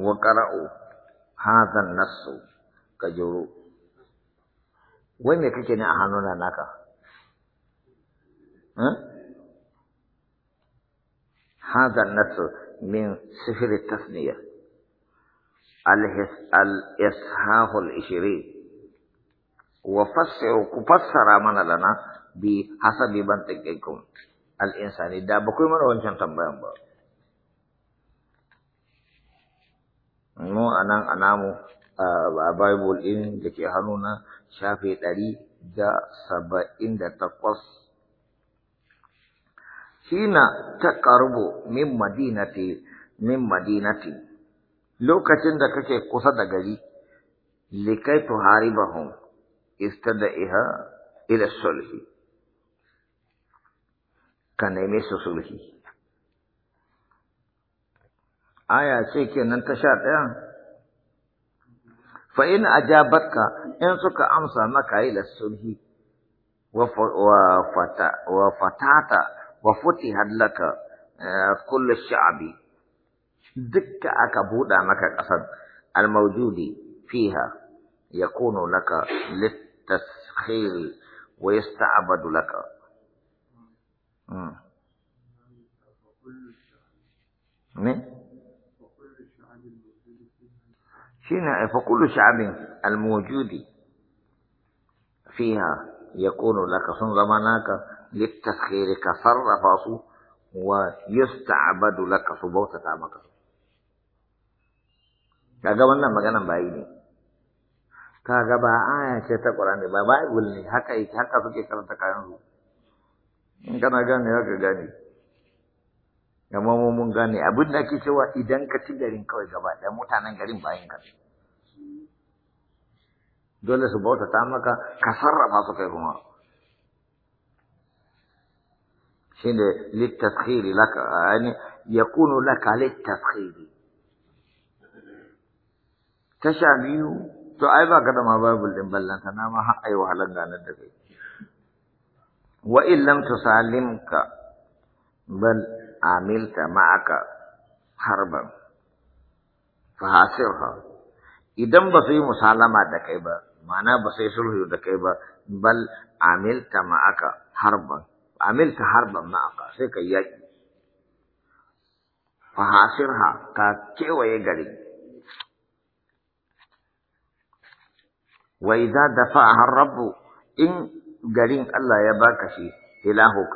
wa qara'u hadha an-nass ka juro wai me kake ne a hannuna naka hmm? hadha an-nass min sifir at-tasniya al-ishah al-ishri wa fassiru ku fassara mana lana bi hasabi mantiqikum al-insani da bakwai mana wancan tambayan ba mu anan nan a namu a bible ɗin da ke hannuna shafe ɗari da saba'in da takwas shina ta karbo min madinati min madinati lokacin da kake kusa da gari likai tuharibahum istada'iha ila sulhi ka neme su sulhi aya ce kenan ta sha ɗaya fa in ajabatka in suka amsa maka ila sulhi wa fata wa fatata wa futihat laka kullu sha'bi dukka aka buɗa maka ƙasar almawjudi fiha yakunu laka litaskhiri wa yasta'badu laka ne شين فكل شعب الموجود فيها يكون لك سنظمناك للتسخير كصرفاص ويستعبد لك سبوتة تعمك kaga wannan maganan bayi ne kaga ba aya ce ta Qur'ani ba Bible ne haka yake haka suke karanta kayan su in kana gane haka gane amma mu mun gane abin da ake cewa idan ka ci garin kawai gaba ɗaya mutanen garin bayan ka dole su bauta ta maka ka sarrafa su kai kuma shine littakhiri laka yani yakunu laka littakhiri tasha biyu to ai ba ka da ma ɗin ballanta na ma har ai wahalan ganar da kai wa in salimka bal عملت معك حربا فحاصرها إدم بصي مسالمة دكيبا مانا بصي سلوه دكيبا بل عملت معك حربا عملت حربا معك سيكا يجي فحاصرها كا كيوه وإذا دفعها الرب إن قرين الله يباكشي إلهك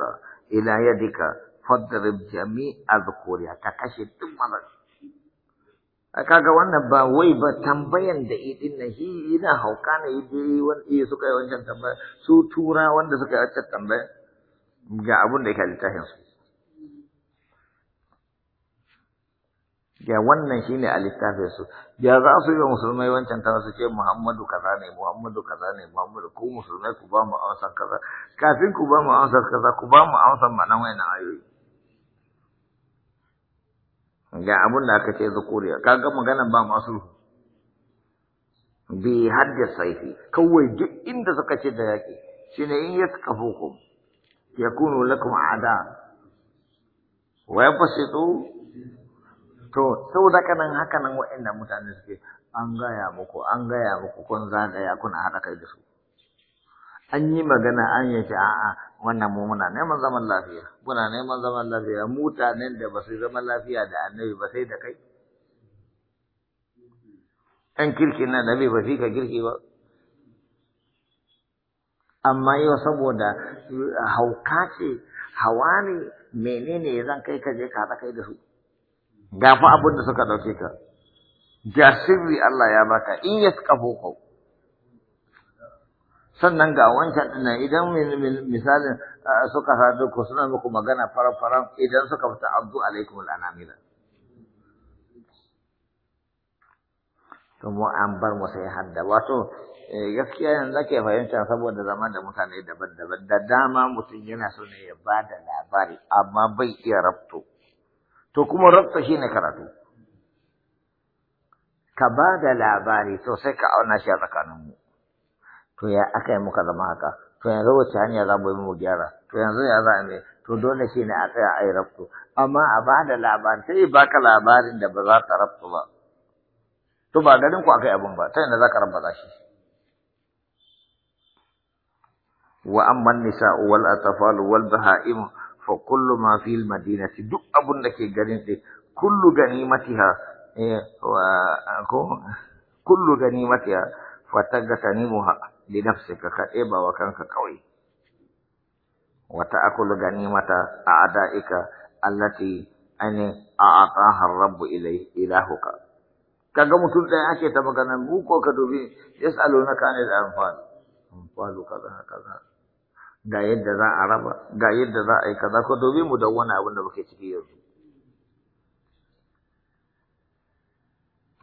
إلى يدك fadrib jami'a dhukuriya ka kashe duk mazan kaga wannan ba wai ba tambayan da idin na hi ina hauka na idiri wani iya suka yi wancan tambaya su tura wanda suka yi wancan tambaya ga abun da yake a littafin su ga wannan shine a littafin su ya za su yi wa musulmai wancan ta su ce muhammadu kaza ne muhammadu kaza ne muhammadu ko musulmai ku ba mu amsar kaza kafin ku ba mu amsar kaza ku ba mu amsar ma'anar wayan ayoyi ga abun da aka ce zakuriya kaga maganan ba masu bi hadda saifi kawai duk inda suka ce da yaki shine in ya kunu lakum ada wa yabsitu to da kanan haka nan waɗannan mutane suke an gaya muku an gaya muku kun zagaya kuna haɗa kai da su an yi magana an yi ce a'a wannan mu muna neman zaman lafiya muna neman zaman lafiya mutanen da ba su zaman lafiya da annabi ba sai da kai ɗan kirki na nabi ba fi ka kirki ba amma yau saboda eh, hauka ce hawa ne menene zan kai ka je ka kai da su gafi abin da suka ɗauke ka ga Allah ya baka in ya suka sannan ga wancan ɗin idan misalin suka sadu ku suna muku magana faran idan suka fita abdu alaikum al'anamila. To mu an bar mu sai hadda wato eh, gaskiya yanzu ake fahimta saboda zama da mutane daban-daban da dama mutum yana so ne ya ba da labari amma bai iya rabto. To kuma rabto shi ne karatu. Ka ba da labari to sai ka auna shi a tsakaninmu. mu. to ya aka yi muka zama haka to yanzu wace hanya za mu yi mu gyara to yanzu ya za mu to dole shi ne a tsaya a yi rabto amma a ba da labarin sai ba ka labarin da ba za ka rabto ba to ba garin ku aka yi abin ba ta yanda za ka za shi wa amman nisa wal atfal wal baha'im fa kullu ma al madinati duk abun da ke garin sai kullu ganimatiha eh wa ko kullu ganimatiha fatagtanimuha linafsika ka ba wa kanka kawai wata akulu ganimata a ada'ika allati ainihin a atahar rabbu ilahuka kaga mutum ɗaya ake ta magana mu ko ka dubi yas'alunaka anil anfal anfalu kaza kaza ga yadda za a raba ga yadda za a yi kaza ko dobi mu da wani abin da muke ciki yanzu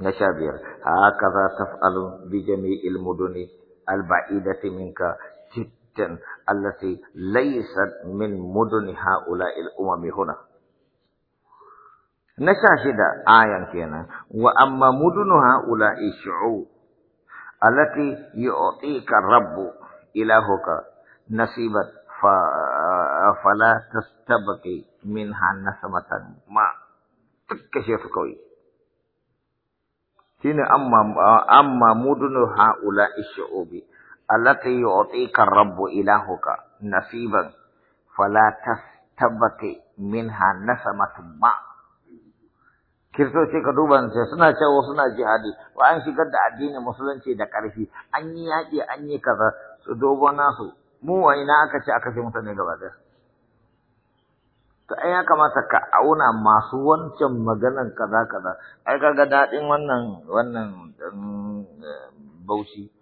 na sha biyar haka za ta fa'alu bi jami'il muduni البعيدة منك جدا التي ليست من مدن هؤلاء الأمم هنا نشاهد آية كنا وأما مدن هؤلاء الشعوب التي يعطيك الرب إلهك نصيبا فلا تستبقي منها نسمة ما تكشف كوي shine amma amma mudunu haula ishubi allati yu'tika rabbu ilahuka nasiban fala tastabati minha nasamatun ma Kiristoci ka duba sai suna cewa suna jihadi wa an shigar da addinin musulunci da ƙarfi an yi yaƙi an yi kaza su dogo nasu mu wa na aka ce aka ce mutane gaba ta ya kamata ka auna masu wancan maganan kaza kaza ai kaga daɗin wannan wannan um, bauchi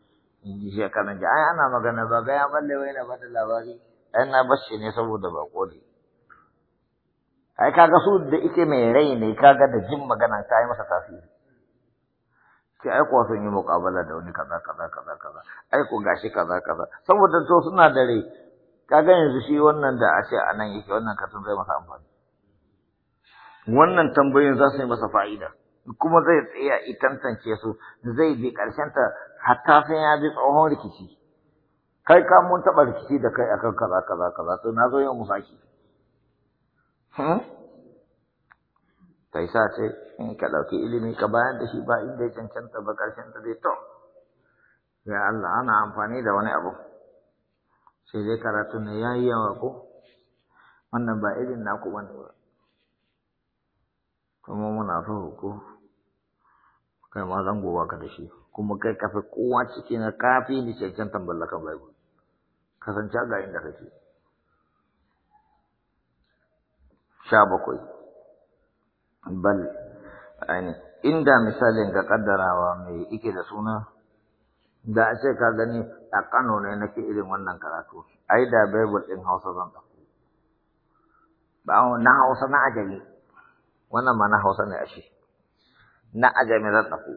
in ji shekaran ji ai ana magana ba ga ya balle wai na bada labari ai na bashi ne saboda ba kodi ai kaga su da ike mai rai ne kaga da jin magana ta yi masa tasiri ce ai kuwa sun yi muƙabala da wani kaza kaza kaza kaza ai ku gashi kaza kaza saboda to suna da rai kaga yanzu shi wannan da a ce a nan yake wannan katon zai masa amfani wannan tambayoyin za su yi masa fa'ida kuma zai tsaya i tantance su zai bi ta hatta sai ya bi tsohon rikici kai ka mun taɓa rikici da kai akan kaza kaza kaza to na zo yau mu saki hmm? kai sa ce in ka ɗauki ilimi ka bayan da shi ba inda ya cancanta ba ƙarshen ta zai to ya Allah ana amfani da wani abu sai dai karatu ne ya yi yawa ko wannan ba irin naku ne ba kuma muna so ko kai ma zan gowa ka da shi kuma kai ka fi kowa ciki na kafi ni cancantan Ka bai kasance ga inda kake sha bakwai bal inda misalin ga kaddarawa mai ike da suna da a ce ka gani a Kano ne nake irin wannan karatu ai da Bible din Hausa zan ɗauko ba na Hausa na ajami wannan ma na Hausa ne ashe na ajami zan ɗauko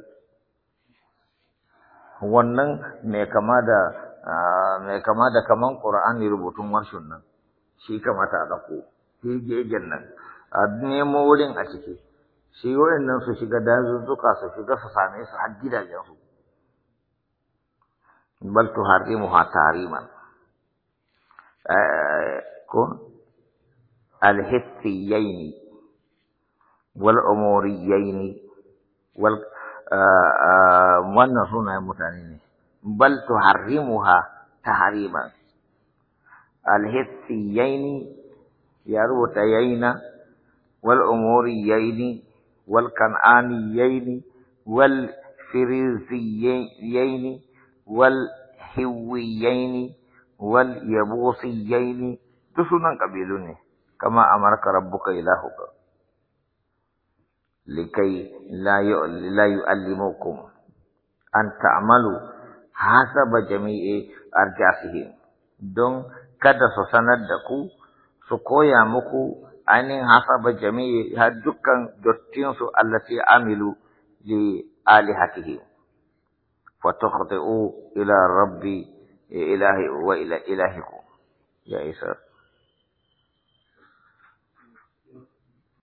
wannan mai kama da mai kama da kaman Qur'ani rubutun warshin nan shi kamata a ɗauko gegen nan a nemo wurin a ciki shi wurin nan su shiga dazuzzuka su shiga su same su har gidajensu بل تحرمها تحريما آه، كن الحسيين والأموريين وال آه، آه، هنا بل تحرمها تحريما الحسيين يربطين والأموريين والكنعانيين والفريزيين walhiwiyaini wal yabusiyaini tusunan kabilu ne kama amarka rabbuka ilahu ka likai la yu'allilayu allimukum an ta'malu hasa ba jami'i arjasihi don kada su sanar da ku su koya muku ainihin hasa ba jami'i har dukkan dottinsu allati amilu li alihatihim فتخطئوا إلى ربي إلهي وإلى إلهكم يا إسرائيل